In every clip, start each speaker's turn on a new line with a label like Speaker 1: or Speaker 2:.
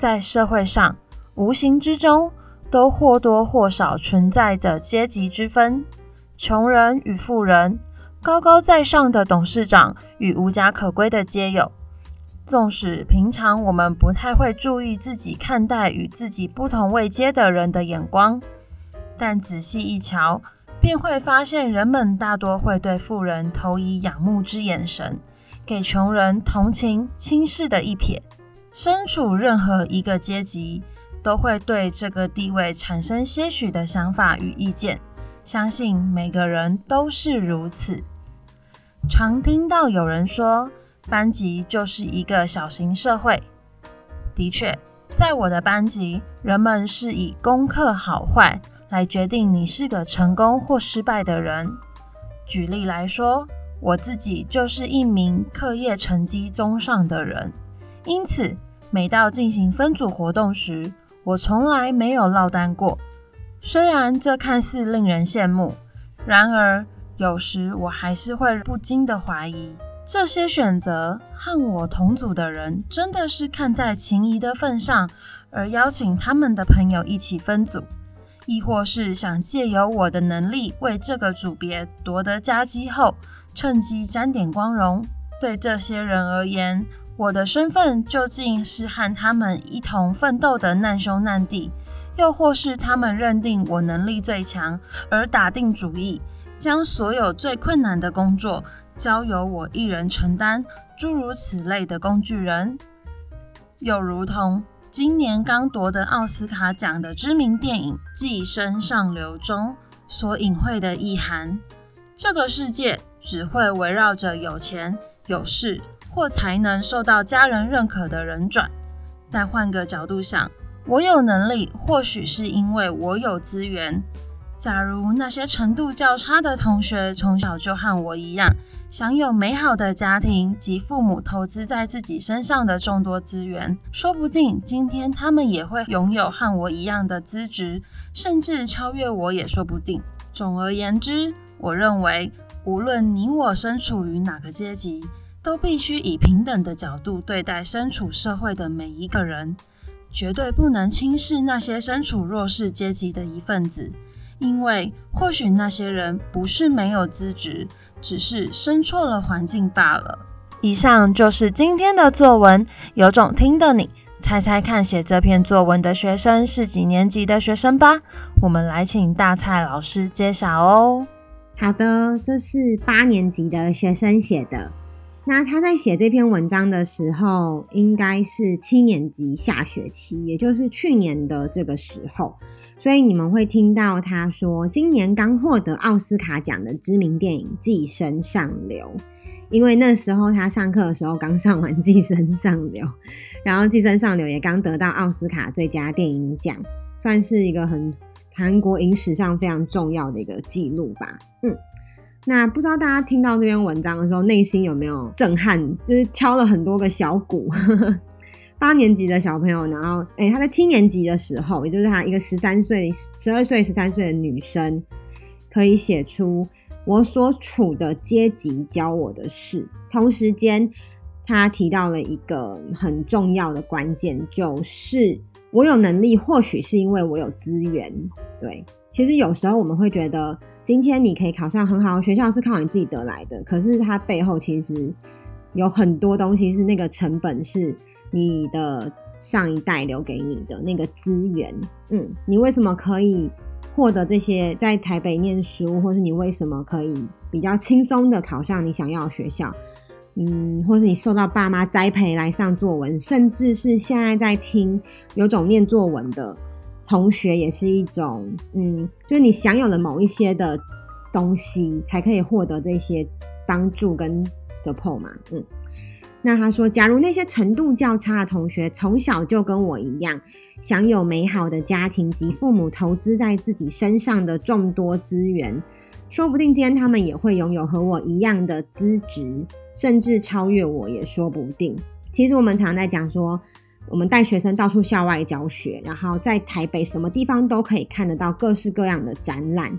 Speaker 1: 在社會上，無形之中都或多或少存在着階級之分，窮人與富人，高高在上的董事長與無家可歸的街友。縱使平常我們不太會注意自己看待與自己不同位階的人的眼光，但仔細一瞧，便會發現人們大多會對富人投以仰慕之眼神，給窮人同情輕視的一瞥。身處任何一個階級，都會對這個地位產生些許的想法與意見。相信每個人都是如此。常聽到有人說，班級就是一個小型社會。的確，在我的班級，人們是以功課好壞來決定你是個成功或失敗的人。舉例來說，我自己就是一名課業成績中上的人，因此，每到進行分組活動時，我從來沒有落單過。雖然這看似令人羨慕，然而有時我還是會不禁地懷疑：這些選擇和我同組的人，真的是看在情誼的份上而邀請他們的朋友一起分組，亦或是想借由我的能力為這個組別奪得佳績後，趁機沾點光榮？對這些人而言。我的身份究竟是和他們一同奮鬥的難兄難弟，又或是他們認定我能力最強而打定主意將所有最困難的工作交由我一人承擔？諸如此類的工具人，又如同今年剛奪得奧斯卡獎的知名電影《寄生上流》中所隱晦的意涵：這個世界只會圍繞着有錢有勢。或才能受到家人認可的人轉，但換個角度想，我有能力或許是因為我有資源。假如那些程度較差的同學從小就和我一樣，享有美好的家庭及父母投資在自己身上的眾多資源，說不定今天他們也會擁有和我一樣的資質，甚至超越我也說不定。總而言之，我認為無論你我身處於哪個階級。都必須以平等的角度對待身處社會的每一個人，絕對不能輕視那些身處弱勢階級的一份子，因為或許那些人不是沒有資質，只是生錯了環境罷了。以上就是今天的作文，有種聽的你猜猜看，寫這篇作文的學生是幾年級的學生吧？我們來請大蔡老師揭曉哦。好的，這是八年級的學生寫的。
Speaker 2: 那他在寫這篇文章的時候，應該是七年級下學期，也就是去年的這個時候，所以你們會聽到他說，今年剛獲得奧斯卡獎的知名電影《寄生上流》，因為那時候他上課的時候剛上完《寄生上流》，然後《寄生上流》也剛得到奧斯卡最佳電影獎，算是一個很韓國影史上非常重要的一個記錄吧，嗯。那不知道大家聽到這篇文章的時候，內心有沒有震撼？就是敲了很多個小鼓， 八年級的小朋友，然後，誒、欸、他在七年級的時候，也就是他一個十三歲、十二歲、十三歲的女生，可以寫出我所處的階級教我的事。同時間，他提到了一個很重要的關鍵，就是我有能力，或許是因為我有資源。對，其實有時候我們會覺得。今天你可以考上很好的學校，是靠你自己得來的。可是它背後其實有很多東西是那個成本，是你的上一代留給你的那個資源。嗯，你為什麼可以獲得這些？在台北念書，或是你為什麼可以比較輕鬆的考上你想要的學校？嗯，或是你受到爸媽栽培來上作文，甚至是現在在聽有種念作文的。同學也是一種，嗯，就是你享有了某一些的東西，才可以獲得這些幫助跟 support 嘛，嗯。那他說，假如那些程度較差的同學從小就跟我一樣，享有美好的家庭及父母投資在自己身上的眾多資源，說不定今天他們也會擁有和我一樣的資質，甚至超越我也說不定。其實我們常在講說，我們帶學生到處校外教學，然後在台北什麼地方都可以看得到各式各樣的展覽。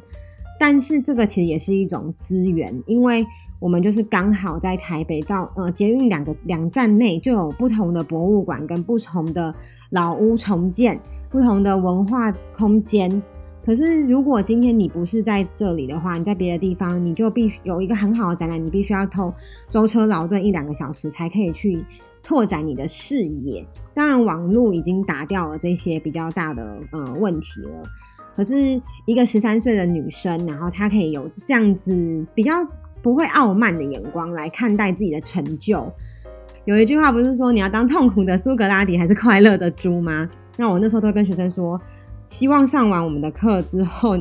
Speaker 2: 但是這個其實也是一種資源，因為我們就是剛好在台北到呃捷運兩個兩站內就有不同的博物館、跟不同的老屋重建、不同的文化空間。可是如果今天你不是在這裡的話，你在別的地方，你就必須有一個很好的展覽，你必須要偷舟車勞頓一兩個小時才可以去，拓展你的視野，當然網絡已經打掉了這些比較大的呃問題了。可是，一個十三歲的女生，然後她可以有這樣子比較不會傲慢的眼光來看待自己的成就。有一句話不是說你要當痛苦的蘇格拉底，還是快樂的豬嗎？那我那時候都跟學生說，希望上完我們的課之後，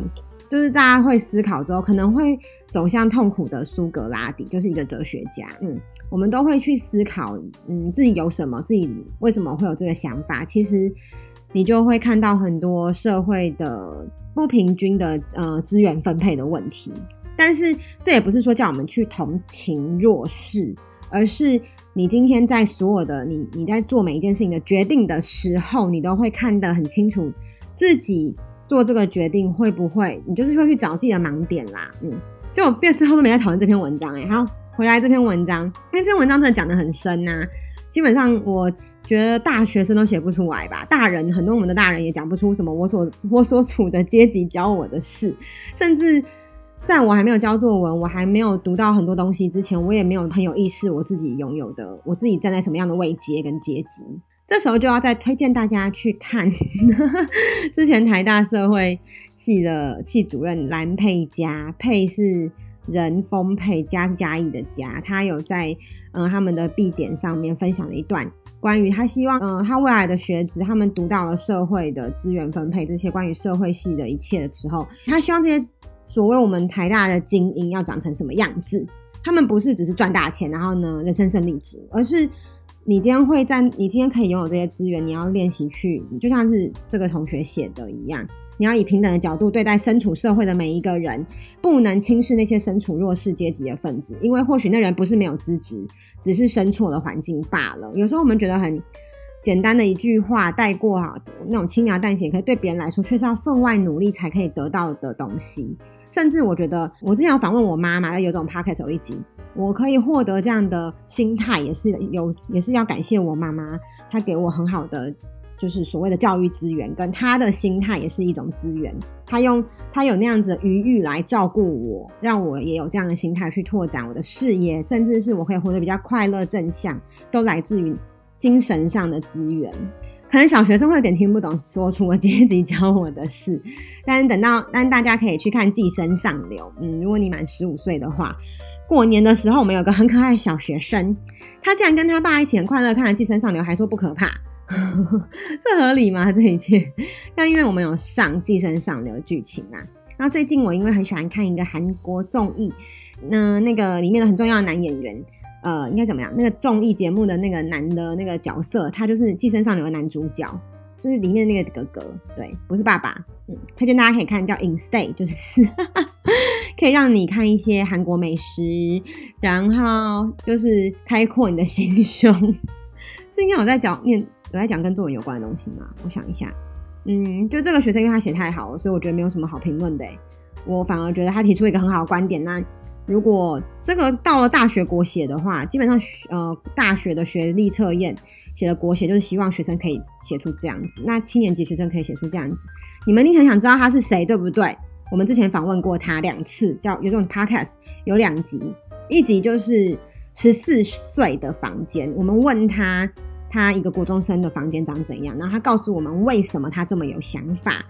Speaker 2: 就是大家會思考之後，可能會走向痛苦的蘇格拉底，就是一個哲學家。嗯。我們都會去思考，嗯，自己有什麼，自己為什麼會有這個想法？其實你就會看到很多社會的不平均的呃資源分配的問題。但是這也不是說叫我們去同情弱勢，而是你今天在所有的你你在做每一件事情的決定的時候，你都會看得很清楚，自己做這個決定會不會，你就是會去找自己的盲點啦。嗯，就我變最後都沒在討論這篇文章誒、欸，好。回來這篇文章，因為這篇文章真的講得很深吶、啊。基本上，我覺得大學生都寫不出來吧。大人很多，我們的大人也講不出什麼我所我所處的階級教我的事。甚至在我還沒有教作文，我還沒有讀到很多東西之前，我也沒有很有意識我自己擁有的，我自己站在什麼樣的位階跟階級。這時候就要再推薦大家去看 之前台大社會系的系主任藍佩嘉，佩是。藍佩嘉，嘉義的嘉。他有在嗯、呃、他們的畢典上面分享了一段關於他希望嗯、呃、他未來的學子，他們讀到了社會的資源分配這些關於社會系的一切的時候，他希望這些所謂我們台大的精英要長成什麼樣子？他們不是只是賺大錢，然後呢，人生勝利組，而是你今天會在你今天可以擁有這些資源，你要練習去，就像是這個同學寫的一樣。你要以平等的角度對待身處社會的每一個人，不能輕視那些身處弱勢階級的分子，因為或許那人不是沒有資質，只是生錯了環境罷了。有時候我們覺得很簡單的一句話帶過啊，那種輕描淡寫，可是對別人來說卻是要分外努力才可以得到的東西。甚至我覺得，我之前有訪問我媽媽，有種 podcast 一集，我可以獲得這樣的心態，也是有，也是要感謝我媽媽，她給我很好的。就是所謂的教育資源,跟他的心態也是一種資源。他用他有那樣子的餘裕來照顧我，讓我也有這樣的心態去拓展我的事業，甚至是我可以活得比較快樂正向，都來自於精神上的資源。可能小學生會有點聽不懂，說出我階級教我的事。但是等到，但大家可以去看《寄生上流》。嗯，如果你滿十五歲的話，過年的時候我們有個很可愛的小學生，他竟然跟他爸一起很快樂看了《寄生上流》，還說不可怕。 這合理嗎？這一切，那因為我們有上《寄生上流》的劇情嘛。然後最近我因為很喜歡看一個韓國綜藝，那那個裡面的很重要的男演員，呃，應該怎麼樣？那個綜藝節目的那個男的那個角色，他就是《寄生上流》的男主角，就是裡面的那個哥哥，對，不是爸爸。嗯，推薦大家可以看，叫《In Stay》，就是 可以讓你看一些韓國美食，然後就是開闊你的心胸。今 天我在講念。我在講跟作文有關的東西嘛，我想一下，嗯，就這個學生，因為他寫太好了，所以我覺得沒有什麼好評論的。我反而覺得他提出一個很好的觀點。那如果這個到了大學國寫的話，基本上呃，大學的學歷測驗寫的國寫，就是希望學生可以寫出這樣子。那七年級學生可以寫出這樣子，你們你想想知道他是誰，對不對？我們之前訪問過他兩次，叫有種 podcast，有兩集，一集就是十四歲的房間，我們問他。他一個國中生的房間長怎樣？然後他告訴我們為什麼他這麼有想法。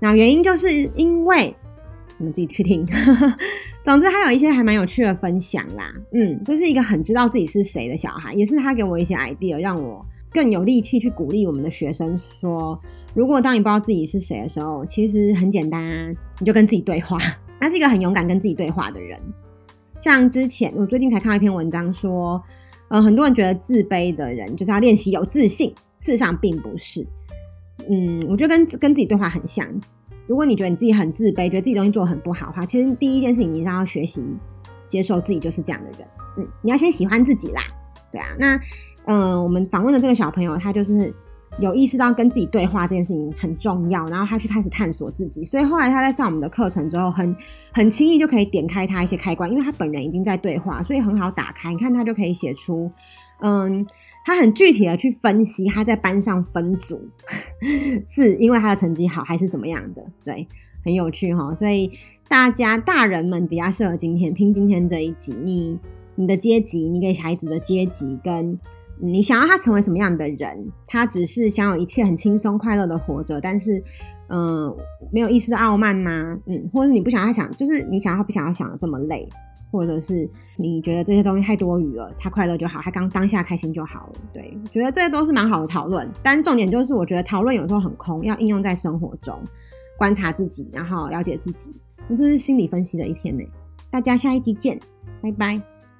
Speaker 2: 那原因就是因為你們自己去聽。呵呵，總之，他有一些還蠻有趣的分享啦。嗯，這是一個很知道自己是誰的小孩，也是他給我一些 idea，讓我更有力氣去鼓勵我們的學生說：如果當你不知道自己是誰的時候，其實很簡單啊，你就跟自己對話。他是一個很勇敢跟自己對話的人。像之前我最近才看到一篇文章說，呃，很多人覺得自卑的人就是要練習有自信，事實上並不是。嗯，我覺得跟跟自己對話很像。如果你覺得你自己很自卑，覺得自己東西做得很不好的話，其實第一件事情你是要學習接受自己就是這樣的人。嗯，你要先喜歡自己啦，對啊。那，嗯，呃，我們訪問的這個小朋友，他就是。有意識到跟自己對話這件事情很重要，然後他去開始探索自己，所以後來他在上我們的課程之後很，很很輕易就可以點開他一些開關，因為他本人已經在對話，所以很好打開。你看他就可以寫出，嗯，他很具體的去分析他在班上分組是因為他的成績好還是怎麼樣的，對，很有趣哈、哦。所以大家大人們比較適合今天聽今天這一集，你你的階級，你給孩子的階級跟。你想要他成為什麼樣的人？他只是想有一切很輕鬆快樂的活着，但是，嗯、呃，沒有一絲傲慢嗎？嗯，或者是你不想要他想，就是你想要他不想要想的這麼累，或者是你覺得這些東西太多餘了，他快樂就好，他剛當下開心就好了。對，我覺得這些都是蠻好的討論，但重點就是我覺得討論有時候很空，要應用在生活中，觀察自己，然後了解自己。這
Speaker 1: 是心理分析的一天呢，大家下一集見，拜拜。